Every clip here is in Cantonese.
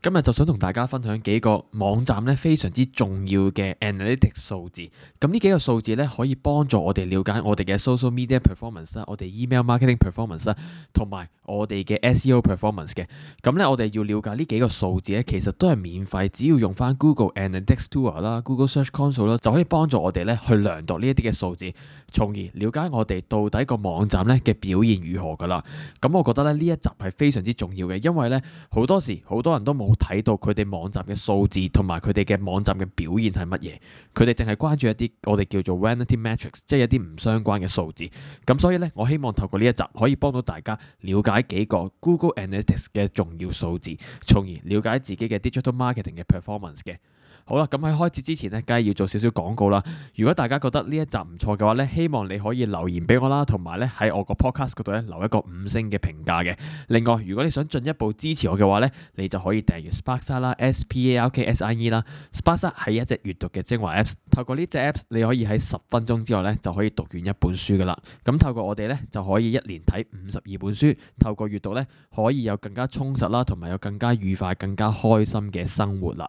今日就想同大家分享幾個網站咧非常之重要嘅 analytics 數字。咁呢幾個數字咧可以幫助我哋了解我哋嘅 social media performance 啦、我哋 email marketing performance 啦，同埋我哋嘅 SEO performance 嘅。咁咧我哋要了解呢幾個數字咧，其實都係免費，只要用返 Google Analytics Tool 啦、Google Search Console 啦，就可以幫助我哋咧去量度呢一啲嘅數字，從而了解我哋到底個網站咧嘅表現如何噶啦。咁我覺得咧呢一集係非常之重要嘅，因為咧好多時好多人都冇。冇睇到佢哋網站嘅數字同埋佢哋嘅網站嘅表現係乜嘢，佢哋淨係關注一啲我哋叫做 vanity metrics，即係一啲唔相關嘅數字。咁所以呢，我希望透過呢一集可以幫到大家了解幾個 Google Analytics 嘅重要數字，從而了解自己嘅 digital marketing 嘅 performance 嘅。好啦，咁喺開始之前呢，梗係要做少少廣告啦。如果大家覺得呢一集唔錯嘅話呢，希望你可以留言俾我啦，同埋呢喺我個 podcast 嗰度呢，留一個五星嘅評價嘅。另外，如果你想進一步支持我嘅話呢，你就可以訂閱 Sparksie 啦，S P A R K S I E 啦。Sparksie 係一隻閱讀嘅精華 apps，透過呢隻 apps 你可以喺十分鐘之內呢，就可以讀完一本書噶啦。咁透過我哋呢，就可以一年睇五十二本書，透過閱讀呢，可以有更加充實啦，同埋有更加愉快、更加開心嘅生活啦。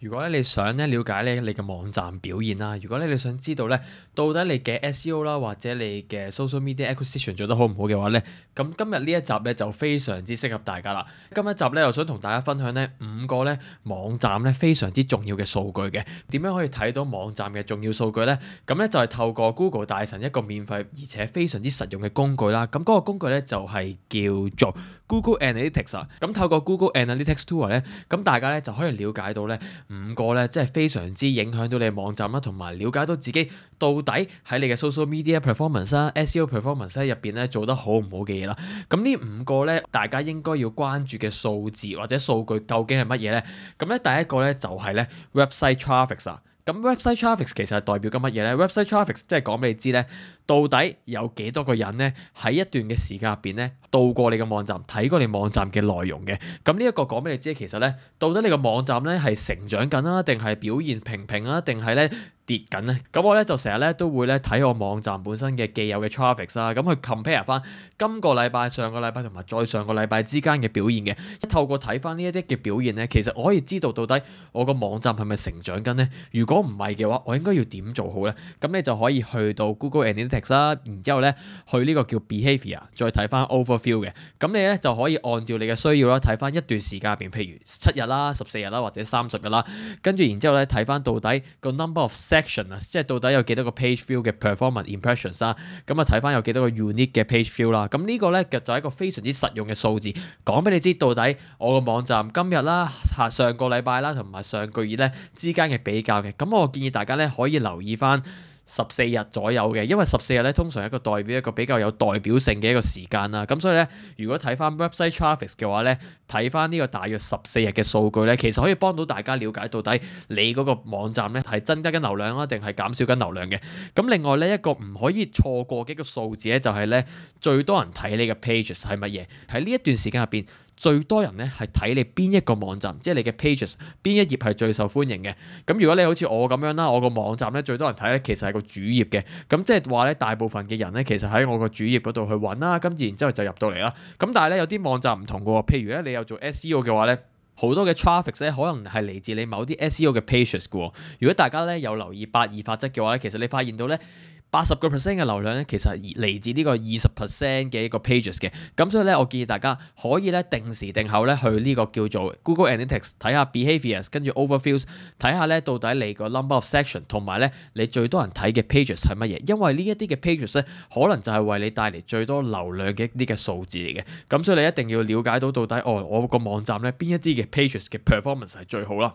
如果咧你想咧了解咧你嘅網站表現啦，如果咧你想知道咧到底你嘅 SEO 啦或者你嘅 social media acquisition 做得好唔好嘅話咧，咁今日呢一集咧就非常之適合大家啦。今日一集咧又想同大家分享呢五個咧網站咧非常之重要嘅數據嘅，點樣可以睇到網站嘅重要數據咧？咁咧就係透過 Google 大神一個免費而且非常之實用嘅工具啦。咁嗰個工具咧就係叫做 Google Analytics 啊。咁透過 Google Analytics Tool 咧，咁大家咧就可以了解到咧。五個咧，即係非常之影響到你嘅網站啦，同埋了解到自己到底喺你嘅 social media performance 啦、啊、SEO performance 入邊咧做得好唔好嘅嘢啦。咁呢五個咧，大家應該要關注嘅數字或者數據究竟係乜嘢咧？咁咧第一個咧就係、是、咧 website traffic 啊。咁 website traffic 其實係代表緊乜嘢咧？website traffic 即係講俾你知咧，到底有幾多個人咧喺一段嘅時間入邊咧到過你嘅網站，睇過你網站嘅內容嘅。咁呢一個講俾你知咧，其實咧到底你個網站咧係成長緊啊，定係表現平平啊，定係咧，跌緊咧，咁我咧就成日咧都會咧睇我網站本身嘅既有嘅 traffic 啦、啊，咁去 compare 翻今個禮拜、上個禮拜同埋再上個禮拜之間嘅表現嘅。透過睇翻呢一啲嘅表現咧，其實我可以知道到底我個網站係咪成長緊咧？如果唔係嘅話，我應該要點做好咧？咁你就可以去到 Google Analytics 啦，然之後咧去呢個叫 behavior，再睇翻 overview 嘅。咁你咧就可以按照你嘅需要啦，睇翻一段時間入邊，譬如七日啦、十四日啦或者三十日啦，跟住然之後咧睇翻到底個 number of action 啊，即係到底有幾多個 page view 嘅 performance impressions 啦？咁啊睇翻有幾多個 unique 嘅 page view 啦，咁呢個咧就係一個非常之實用嘅數字，講俾你知到底我個網站今日啦、上個禮拜啦同埋上個月咧之間嘅比較嘅，咁我建議大家咧可以留意翻。十四日左右嘅，因為十四日咧通常係一個代表一個比較有代表性嘅一個時間啦，咁所以咧如果睇翻 website traffic 嘅話咧，睇翻呢個大約十四日嘅數據咧，其實可以幫到大家了解到底你嗰個網站咧係增加緊流量呀，定係減少緊流量嘅。咁另外咧一個唔可以錯過嘅一個數字咧，就係咧最多人睇你嘅 pages 係乜嘢？喺呢一段時間入邊。最多人咧係睇你邊一個網站，即係你嘅 pages，邊一頁係最受歡迎嘅。咁如果你好似我咁樣啦，我個網站咧最多人睇咧，其實係個主頁嘅。咁即係話咧，大部分嘅人咧其實喺我個主頁嗰度去揾啦。咁然之後就入到嚟啦。咁但係咧有啲網站唔同㗎喎，譬如咧你有做 SEO 嘅話咧，好多嘅 traffic 咧可能係嚟自你某啲 SEO 嘅 pages 㗎喎。如果大家咧有留意八二法則嘅話咧，其實你發現到咧。八十個 percent 嘅流量咧，其實係嚟自呢個二十 percent 嘅一個 pages 嘅，咁所以咧，我建議大家可以咧定時定候咧去呢個叫做 Google Analytics 睇下 behaviors，跟住 overviews，睇下咧到底你個 number of sections 同埋咧你最多人睇嘅 pages 係乜嘢，因為呢一啲嘅 pages 咧可能就係為你帶嚟最多流量嘅一啲嘅數字嚟嘅，咁所以你一定要了解到到底哦，我個網站咧邊一啲嘅 pages 嘅 performance 係最好啦。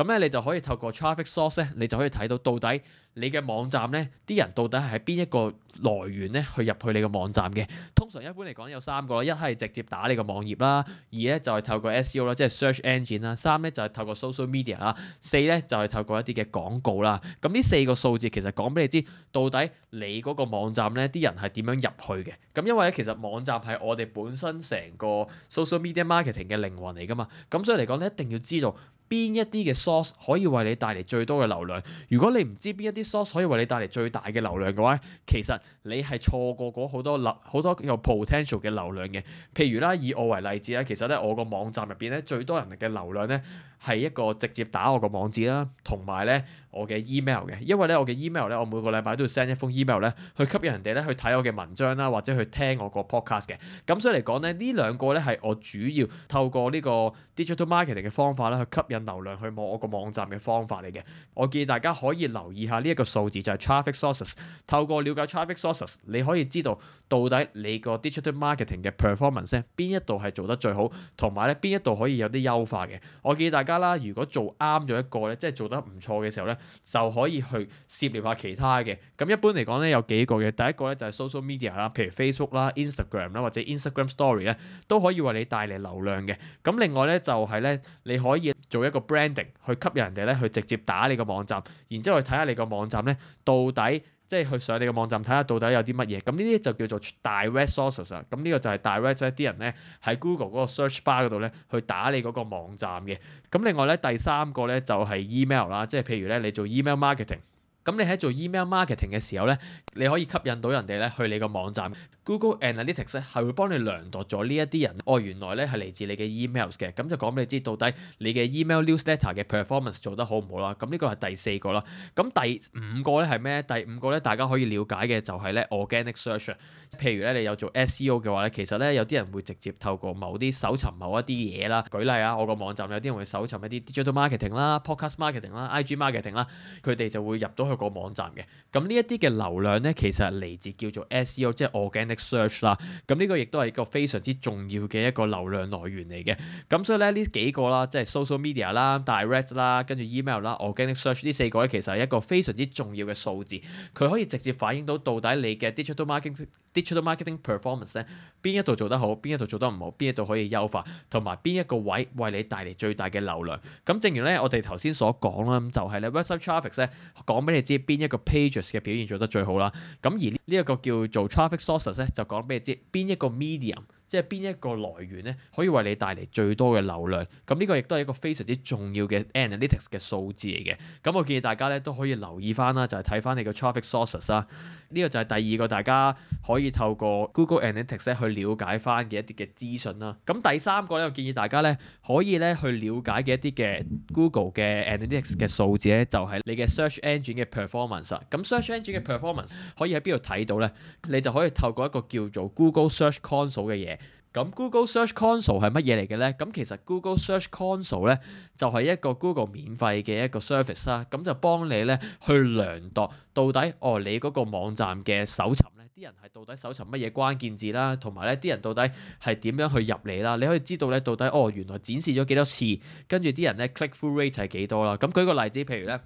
咁咧，你就可以透過 traffic source 咧，你就可以睇到到底你嘅網站咧，啲人到底係喺邊一個來源咧去入去你個網站嘅。通常一般嚟講有三個咯，一係直接打你個網頁啦，二咧就係透過 SEO 啦，即係 search engine 啦，三咧就係透過 social media 啦，四咧就係透過一啲嘅廣告啦。咁呢四個數字其實講俾你知，到底你嗰個網站咧啲人係點樣入去嘅。咁因為咧，其實網站係我哋本身成個 social media marketing 嘅靈魂嚟㗎嘛。咁所以嚟講咧，你一定要知道。邊一啲嘅 source 可以為你帶嚟最多嘅流量？如果你唔知邊一啲 source 可以為你帶嚟最大嘅流量嘅話，其實你係錯過咗好多流好多有 potential 嘅流量嘅。譬如啦，以我為例子咧，其實咧我個網站入邊咧最多人嘅流量咧係一個直接打我個網址啦，同埋咧我嘅 email 嘅。因為咧我嘅 email 咧，我每個禮拜都要 send 一封 email 咧去吸引人哋咧去睇我嘅文章啦，或者去聽我個 podcast 嘅。咁所以嚟講咧，呢兩個咧係我主要透過呢個 digital marketing 嘅方法啦去吸引流量去網我個網站嘅方法嚟嘅。我建議大家可以留意下呢一個數字，就係 traffic sources。透過了解 traffic sources，你可以知道到底你個 digital marketing 嘅 performance 邊一度係做得最好，同埋咧邊一度可以有啲優化嘅。我建議大家啦，如果做啱咗一個咧，即係做得唔錯嘅時候咧，就可以去涉獵下其他嘅。咁一般嚟講咧，有幾個嘅。第一個咧就係 social media 啦，譬如 Facebook 啦、Instagram 啦，或者 Instagram story 咧，都可以為你帶嚟流量嘅。咁另外咧就係咧，你可以。做一個 branding 去吸引人哋咧，去直接打你個網站，然之後去睇下你個網站咧，到底即係去上你個網站睇下到底有啲乜嘢。咁呢啲就叫做 direct sources 啦。咁呢個就係 direct 一啲人咧，喺 Google 嗰個 search bar 嗰度咧去打你嗰個網站嘅。咁另外咧，第三個咧就係 email 啦，即係譬如咧你做 email marketing，咁你喺做 email marketing 嘅時候咧，你可以吸引到人哋咧去你個網站。Google Analytics 咧係會幫你量度咗呢一啲人哦，原來咧係嚟自你嘅 Emails 嘅，咁就講俾你知到底你嘅 Email Newsletter 嘅 performance 做得好唔好啦。咁呢個係第四個啦。咁第五個咧係咩？第五個咧大家可以了解嘅就係咧 Organic Search。譬如咧你有做 SEO 嘅話咧，其實咧有啲人會直接透過某啲搜尋某一啲嘢啦。舉例啊，我個網站有啲人會搜尋一啲 Digital Marketing 啦、Podcast Marketing 啦、IG Marketing 啦，佢哋就會入到去個網站嘅。咁呢一啲嘅流量咧，其實係嚟自叫做 SEO，即係 Organic。search 啦，咁呢個亦都係一個非常之重要嘅一個流量來源嚟嘅，咁所以咧呢幾個啦，即係 social media 啦、direct 啦、跟住 email 啦、organic search 呢四個咧，其實係一個非常之重要嘅數字，佢可以直接反映到到底你嘅 digital marketing。digital marketing performance 咧，邊一度做得好，邊一度做得唔好，邊一度可以優化，同埋邊一個位為你帶嚟最大嘅流量。咁正如咧，我哋頭先所講啦，咁就係、是、咧，website traffic 咧講俾你知邊一個 pages 嘅表現做得最好啦。咁而呢一個叫做 traffic sources 咧，就講俾你知邊一個 medium。即係邊一個來源咧，可以為你帶嚟最多嘅流量？咁呢個亦都係一個非常之重要嘅 Analytics 嘅數字嚟嘅。咁我建議大家咧都可以留意翻啦，就係睇翻你個 Traffic Sources 啦。呢個就係第二個大家可以透過 Google Analytics 去了解翻嘅一啲嘅資訊啦。咁第三個咧，我建議大家咧可以咧去了解嘅一啲嘅 Google 嘅 Analytics 嘅數字咧，就係你嘅 Search Engine 嘅 Performance。咁 Search Engine 嘅 Performance 可以喺邊度睇到咧？你就可以透過一個叫做 Google Search Console 嘅嘢。咁 Google Search Console 係乜嘢嚟嘅咧？咁其實 Google Search Console 咧就係一個 Google 免費嘅一個 service 啦，咁就幫你咧去量度到底哦你嗰個網站嘅搜尋咧，啲人係到底搜尋乜嘢關鍵字啦，同埋咧啲人到底係點樣去入嚟啦？你可以知道咧到底哦原來展示咗幾多次，跟住啲人咧 click through rate 係幾多啦？咁舉個例子，譬如咧，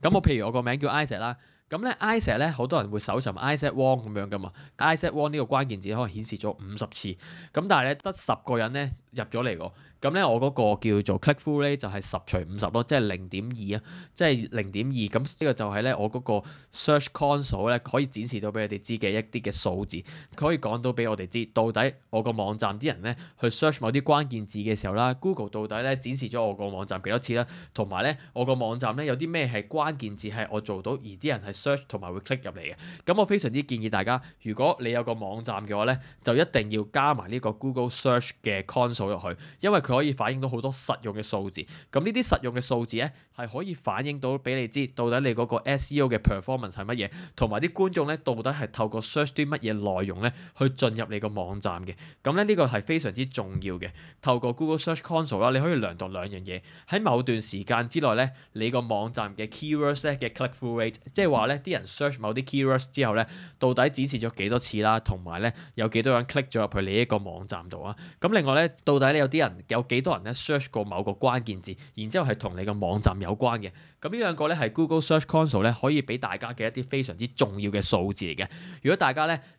咁我譬如我個名叫 Isa 啦。咁咧 i s a t 咧好多人會搜尋 i s a t one 咁樣噶嘛 i s a t one 呢個關鍵字可能顯示咗五十次，咁但係咧得十個人咧入咗嚟喎，咁咧我嗰個叫做 click through 咧就係、是、十除五十咯，即係零點二啊，即係零點二，咁呢個就係咧我嗰個 search console 咧可以展示到俾你哋知嘅一啲嘅數字，可以講到俾我哋知到底我個網站啲人咧去 search 某啲關鍵字嘅時候啦，Google 到底咧展示咗我個網站幾多次啦，同埋咧我個網站咧有啲咩係關鍵字係我做到而啲人係。search 同埋會 click 入嚟嘅，咁我非常之建議大家，如果你有個網站嘅話咧，就一定要加埋呢個 Google Search 嘅 Console 入去，因為佢可以反映到好多實用嘅數字。咁呢啲實用嘅數字咧，係可以反映到俾你知到底你嗰個 SEO 嘅 performance 係乜嘢，同埋啲觀眾咧到底係透過 search 啲乜嘢內容咧去進入你個網站嘅。咁咧呢個係非常之重要嘅。透過 Google Search Console 啦，你可以量度兩樣嘢，喺某段時間之內咧，你個網站嘅 keywords 咧嘅 click-through rate，即係話。咧啲人 search 某啲 keywords 之後咧，到底展示咗幾多次啦，同埋咧有幾多人 click 咗入去你一個網站度啊？咁另外咧，到底咧有啲人有幾多人咧 search 過某個關鍵字，然之後係同你個網站有關嘅？咁呢兩個咧係 Google Search Console 咧可以俾大家嘅一啲非常之重要嘅數字嚟嘅。如果大家咧，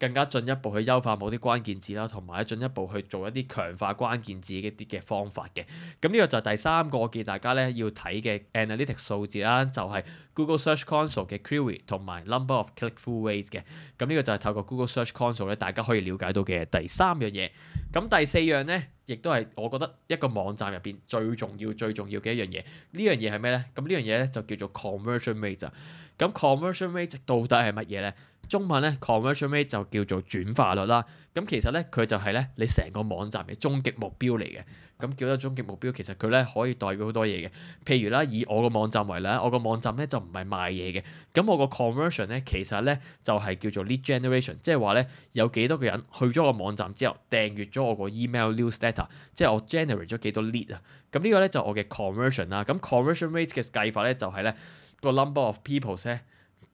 更加進一步去優化某啲關鍵字啦，同埋進一步去做一啲強化關鍵字一啲嘅方法嘅。咁呢個就係第三個我見大家咧要睇嘅 analytics 數字啦，就係、是、Google Search Console 嘅 query 同埋 number of click through rates 嘅。咁呢個就係透過 Google Search Console 咧，大家可以了解到嘅第三樣嘢。咁第四樣咧，亦都係我覺得一個網站入邊最重要、最重要嘅一樣嘢。呢樣嘢係咩咧？咁呢樣嘢咧就叫做 conversion rate。咁 conversion rate 到底係乜嘢咧？中文咧 conversion rate 就叫做轉化率啦，咁其實咧佢就係咧你成個網站嘅終極目標嚟嘅，咁叫做終極目標其實佢咧可以代表好多嘢嘅，譬如啦以我個網站為例啦，我個網站咧就唔係賣嘢嘅，咁我個 conversion 咧其實咧就係、是、叫做 lead generation，即係話咧有幾多個人去咗我個網站之後訂閲咗我，em data，我 lead，個 email newsletter，即係我 generate 咗幾多 lead 啊，咁呢個咧就我嘅 conversion 啦，咁 conversion rate 嘅計法咧就係咧個 number of people 咧。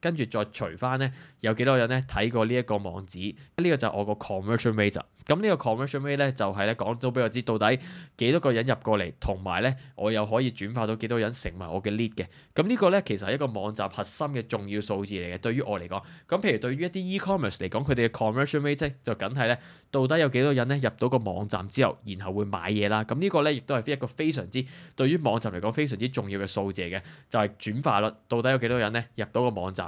跟住再除翻咧，有幾多人咧睇過呢一個網址？呢、這個就係我 con、啊這個 conversion rate。咁呢個 conversion rate 咧，就係咧講到俾我知到底幾多個人入過嚟，同埋咧我又可以轉化到幾多人成為我嘅 lead 嘅。咁、這個、呢個咧其實係一個網站核心嘅重要數字嚟嘅。對於我嚟講，咁譬如對於一啲 e-commerce 嚟講，佢哋嘅 conversion rate 就梗係咧到底有幾多人咧入到個網站之後，然後會買嘢啦。咁、這個、呢個咧亦都係一個非常之對於網站嚟講非常之重要嘅數字嚟嘅，就係、是、轉化率，到底有幾多人咧入到個網站？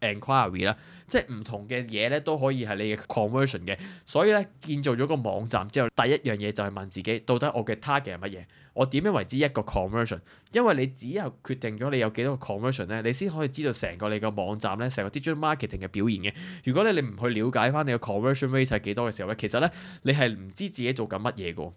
Enquiry 啦，en iry, 即係唔同嘅嘢咧都可以係你嘅 conversion 嘅，所以咧建造咗個網站之後，第一樣嘢就係問自己，到底我嘅 target 係乜嘢？我點樣為之一個 conversion？因為你只有決定咗你有幾多個 conversion 咧，你先可以知道成個你個網站咧成個 digital marketing 嘅表現嘅。如果你你唔去了解翻你個 conversion rate 係幾多嘅時候咧，其實咧你係唔知自己做緊乜嘢噶。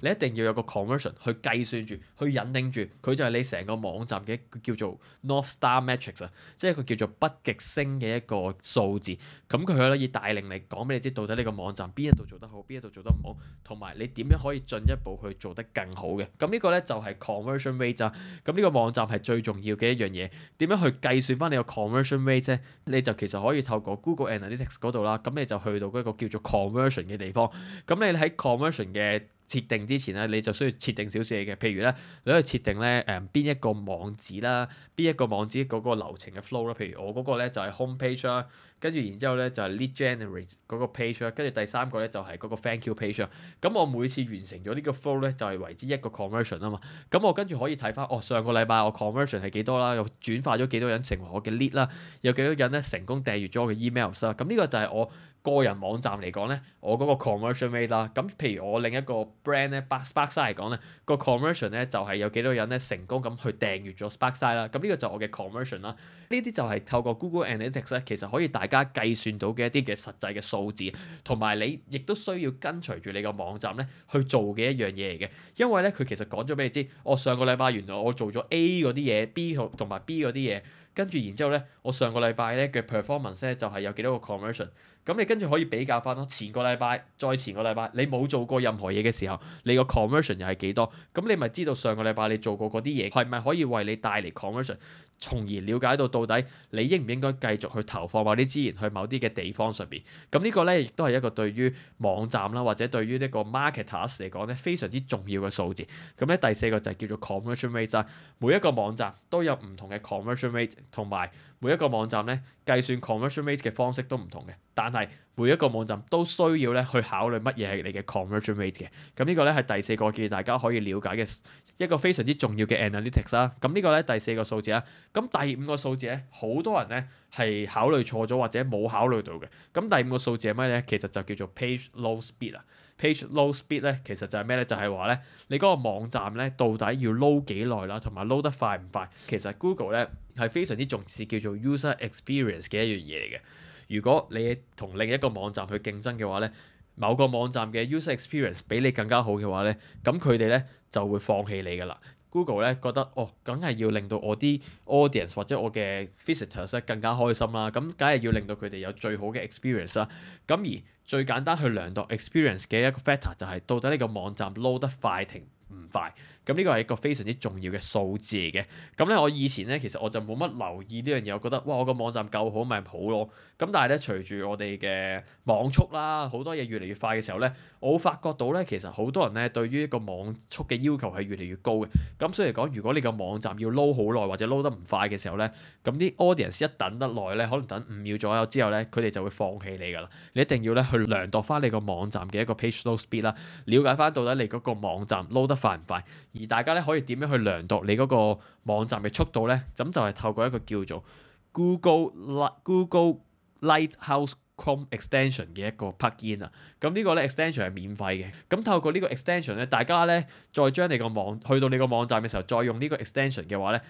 你一定要有個 conversion 去計算住，去引領住，佢就係你成個網站嘅叫做 North Star Metrics 啊，即係佢叫做北極星嘅一個數字。咁佢可以帶領你講俾你知，到底呢個網站邊一度做得好，邊一度做得唔好，同埋你點樣可以進一步去做得更好嘅。咁呢個咧就係 conversion rate 啊。咁呢個網站係最重要嘅一樣嘢。點樣去計算翻你個 conversion rate 咧？你就其實可以透過 Google Analytics 嗰度啦。咁你就去到嗰個叫做 conversion 嘅地方。咁你喺 conversion 嘅設定之前咧，你就需要設定少少嘢嘅。譬如咧，你可以設定咧，誒邊一個網址啦，邊一個網址嗰個流程嘅 flow 啦。譬如我嗰個咧就係 home page 啦，跟住然之後咧就係 lead generate 嗰個 page 啦，跟住第三個咧就係嗰個 thank you page 啦。咁我每次完成咗呢個 flow 咧就係為之一個 conversion 啊嘛。咁我跟住可以睇翻，哦上個禮拜我 conversion 係幾多啦？又轉化咗幾多人成為我嘅 lead 啦？有幾多人咧成功訂閱咗我嘅 emails 啦？咁呢個就係我個人網站嚟講咧，我嗰個 conversion rate 啦，咁譬如我另一個 brand 咧 Sparkside 嚟講咧，個 conversion 咧就係有幾多人咧成功咁去訂閲咗 Sparkside 啦，咁呢個就我嘅 conversion 啦。呢啲就係透過 Google Analytics 咧，其實可以大家計算到嘅一啲嘅實際嘅數字，同埋你亦都需要跟隨住你個網站咧去做嘅一樣嘢嚟嘅，因為咧佢其實講咗俾你知，我上個禮拜原來我做咗 A 嗰啲嘢，B 同埋 B 嗰啲嘢。跟住，然之後咧，我上個禮拜咧嘅 performance 咧就係有幾多個 conversion。咁你跟住可以比較翻咯，前個禮拜、再前個禮拜，你冇做過任何嘢嘅時候，你個 conversion 又係幾多？咁你咪知道上個禮拜你做過嗰啲嘢係咪可以為你帶嚟 conversion？從而了解到到底你應唔應該繼續去投放某啲資源去某啲嘅地方上邊。咁呢個咧亦都係一個對於網站啦，或者對於呢個 marketers 嚟講咧非常之重要嘅數字呢。咁咧第四個就係叫做 conversion rate 啦。每一個網站都有唔同嘅 conversion rate，同埋。每一個網站咧計算 conversion rate 嘅方式都唔同嘅，但係每一個網站都需要咧去考慮乜嘢係你嘅 conversion rate 嘅。咁呢個咧係第四個建議，大家可以了解嘅一個非常之重要嘅 analytics 啦、啊。咁呢個咧第四個數字啦、啊。咁第五個數字咧，好多人咧係考慮錯咗或者冇考慮到嘅。咁第五個數字係咩咧？其實就叫做 page load speed 啊。page load speed 咧其實就係咩咧？就係話咧你嗰個網站咧到底要 load 幾耐啦，同埋 load 得快唔快？其實 Google 咧。係非常之重視叫做 user experience 嘅一樣嘢嚟嘅。如果你同另一個網站去競爭嘅話咧，某個網站嘅 user experience 比你更加好嘅話咧，咁佢哋咧就會放棄你㗎啦。Google 咧覺得哦，梗係要令到我啲 audience 或者我嘅 visitors 更加開心啦，咁梗係要令到佢哋有最好嘅 experience 啦。咁而最簡單去量度 experience 嘅一個 factor 就係到底呢個網站 load 得快定唔快，咁呢個係一個非常之重要嘅數字嚟嘅。咁咧我以前咧其實我就冇乜留意呢樣嘢，我覺得哇我個網站夠好咪好咯。咁但係咧隨住我哋嘅網速啦，好多嘢越嚟越快嘅時候咧，我會發覺到咧其實好多人咧對於一個網速嘅要求係越嚟越高嘅。咁所以嚟講，如果你個網站要 load 好耐或者 load 得唔快嘅時候咧，咁啲 audience 一等得耐咧，可能等五秒左右之後咧，佢哋就會放棄你㗎啦。你一定要咧去。去量度翻你個網站嘅一個 page load speed 啦，了解翻到底你嗰個網站 load 得快唔快，而大家咧可以點樣去量度你嗰個網站嘅速度咧？咁就係、是、透過一個叫做 Google La, Google Google Lighthouse Chrome Extension 嘅一個 plug in 啊。咁呢個咧 extension 係免費嘅。咁透過呢個 extension 咧，大家咧再將你個網去到你個網站嘅時候，再用呢個 extension 嘅話咧。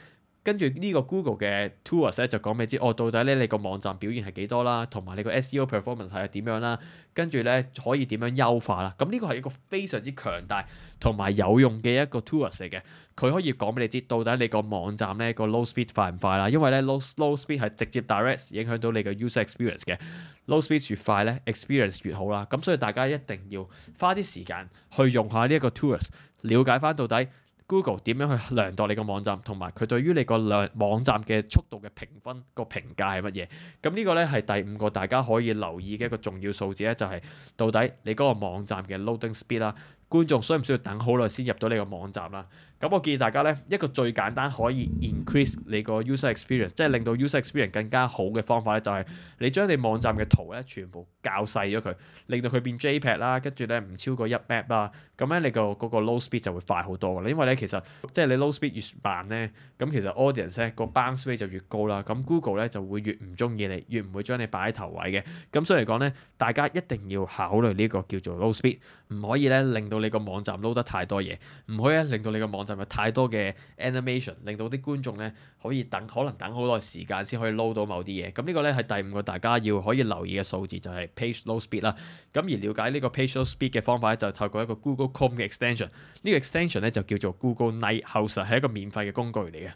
跟住呢個 Google 嘅 Tools 咧就講俾你知，哦到底咧你個網站表現係幾多啦，同埋你個 SEO performance 係點樣啦？跟住咧可以點樣優化啦？咁呢個係一個非常之強大同埋有用嘅一個 Tools 嚟嘅，佢可以講俾你知到底你個網站咧個 low speed 快唔快啦？因為咧 low low speed 係直接 direct 影響到你嘅 user experience 嘅，low speed 越快咧 experience 越好啦。咁所以大家一定要花啲時間去用下呢一個 Tools，了解翻到底。Google 點樣去量度你個網站，同埋佢對於你個量網站嘅速度嘅評分個評價係乜嘢？咁呢個咧係第五個大家可以留意嘅一個重要數字咧，就係到底你嗰個網站嘅 loading speed 啦，觀眾需唔需要等好耐先入到你個網站啦？咁我建議大家咧，一個最簡單可以 increase 你個 user experience，即係令到 user experience 更加好嘅方法咧，就係、是、你將你網站嘅圖咧，全部校細咗佢，令到佢變 JPEG 啦，跟住咧唔超過一 byte 啦。咁咧你個嗰個 low speed 就會快好多嘅，因為咧其實即係你 low speed 越慢咧，咁其實 audience 咧個 bounce rate 就越高啦，咁 Google 咧就會越唔中意你，越唔會將你擺喺頭位嘅。咁所以嚟講咧，大家一定要考慮呢個叫做 low speed，唔可以咧令到你個網站 load 得太多嘢，唔可以咧令到你個網站就係太多嘅 animation，令到啲觀眾咧可以等，可能等好耐時間先可以 load 到某啲嘢。咁呢個咧係第五個大家要可以留意嘅數字，就係、是、page load speed 啦。咁而了解呢個 page load speed 嘅方法咧，就透過一個 Google Chrome 嘅 extension。呢、這個 extension 咧就叫做 Google Lighthouse，係一個免費嘅工具嚟嘅。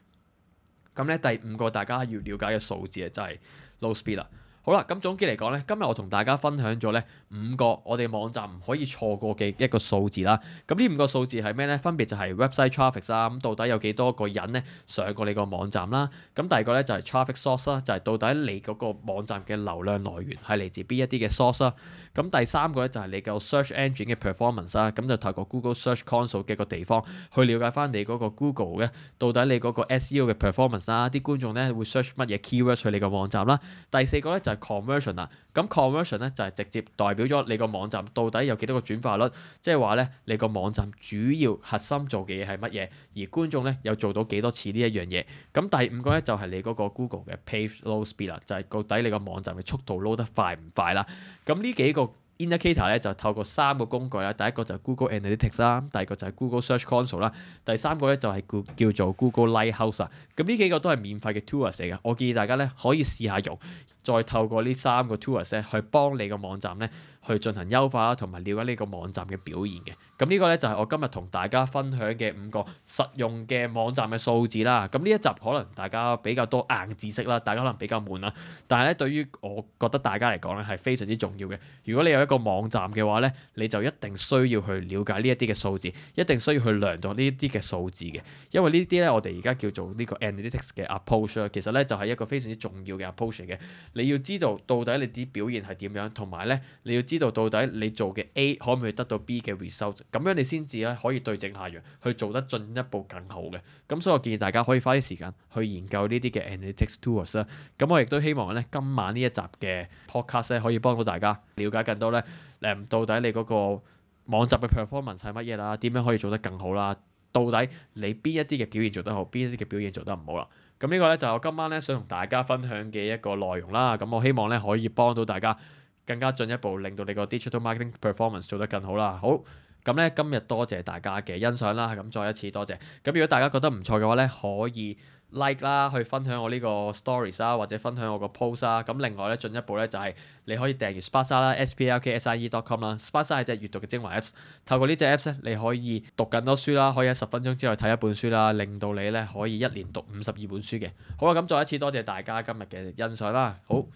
咁咧第五個大家要了解嘅數字啊，就係 load speed 啦。好啦，咁總結嚟講呢，今日我同大家分享咗呢五個我哋網站唔可以錯過嘅一個數字啦。咁呢五個數字係咩呢？分別就係 website traffic 啦，咁到底有幾多個人呢，上過你個網站啦。咁第二個呢，就係 traffic source 啦，就係到底你嗰個網站嘅流量來源係嚟自邊一啲嘅 source 啦。咁第三個呢、啊，就係你個 search engine 嘅 performance 啦，咁就透過 Google Search Console 嘅一個地方去了解翻你嗰個 Google 嘅到底你嗰個 SEO 嘅 performance 啦、啊，啲觀眾呢，會 search 乜嘢 keyword 去你個網站啦。第四個呢，就係就係 conversion 啦，咁 conversion 咧就係直接代表咗你個網站到底有幾多個轉化率，即係話咧你個網站主要核心做嘅嘢係乜嘢，而觀眾咧又做到幾多次呢一樣嘢。咁第五個咧就係你嗰個 Google 嘅 Page Load Speed 啦，就係到底你個網站嘅速度 load 得快唔快啦。咁呢幾個 Indicator 咧就透過三個工具啦，第一個就係 Google Analytics 啦，第二個就係 Google Search Console 啦，第三個咧就係叫做 Google Lighthouse 啊。咁呢幾個都係免費嘅 tools 嚟嘅，我建議大家咧可以試下用，再透過呢三個 tools 咧去幫你個網站咧去進行優化啦，同埋了解呢個網站嘅表現嘅。咁呢個咧就係我今日同大家分享嘅五個實用嘅網站嘅數字啦。咁呢一集可能大家比較多硬知識啦，大家可能比較悶啦。但係咧，對於我覺得大家嚟講咧係非常之重要嘅。如果你有一個網站嘅話咧，你就一定需要去了解呢一啲嘅數字，一定需要去量度呢啲嘅數字嘅。因為呢啲咧，我哋而家叫做呢個 analytics 嘅 approach，其實咧就係一個非常之重要嘅 approach 嘅。你要知道到底你啲表現係點樣，同埋咧你要知道到底你做嘅 A 可唔可以得到 B 嘅 result。咁樣你先至咧可以對症下藥，去做得進一步更好嘅。咁、嗯、所以我建議大家可以花啲時間去研究呢啲嘅 analytics tools 啦、啊。咁、嗯、我亦都希望咧今晚呢一集嘅 podcast 咧可以幫到大家了解更多咧誒到底你嗰個網站嘅 performance 係乜嘢啦？點樣可以做得更好啦？到底你邊一啲嘅表現做得好，邊一啲嘅表現做得唔好啦？咁、嗯這個、呢個咧就係、我今晚咧想同大家分享嘅一個內容啦。咁、嗯、我希望咧可以幫到大家更加進一步令到你個 digital marketing performance 做得更好啦。好。咁咧今日多謝大家嘅欣賞啦，咁再一次多謝。咁如果大家覺得唔錯嘅話咧，可以 like 啦，去分享我呢個 stories 啦，或者分享我個 post 啦。咁另外咧進一步咧就係你可以訂閱 Spasa 啦，spaskie.com 啦。Spasa 係隻閲讀嘅精華 apps，透過呢隻 apps 咧你可以讀更多書啦，可以喺十分鐘之內睇一本書啦，令到你咧可以一年讀五十二本書嘅。好啦，咁再一次多謝大家今日嘅欣賞啦，好。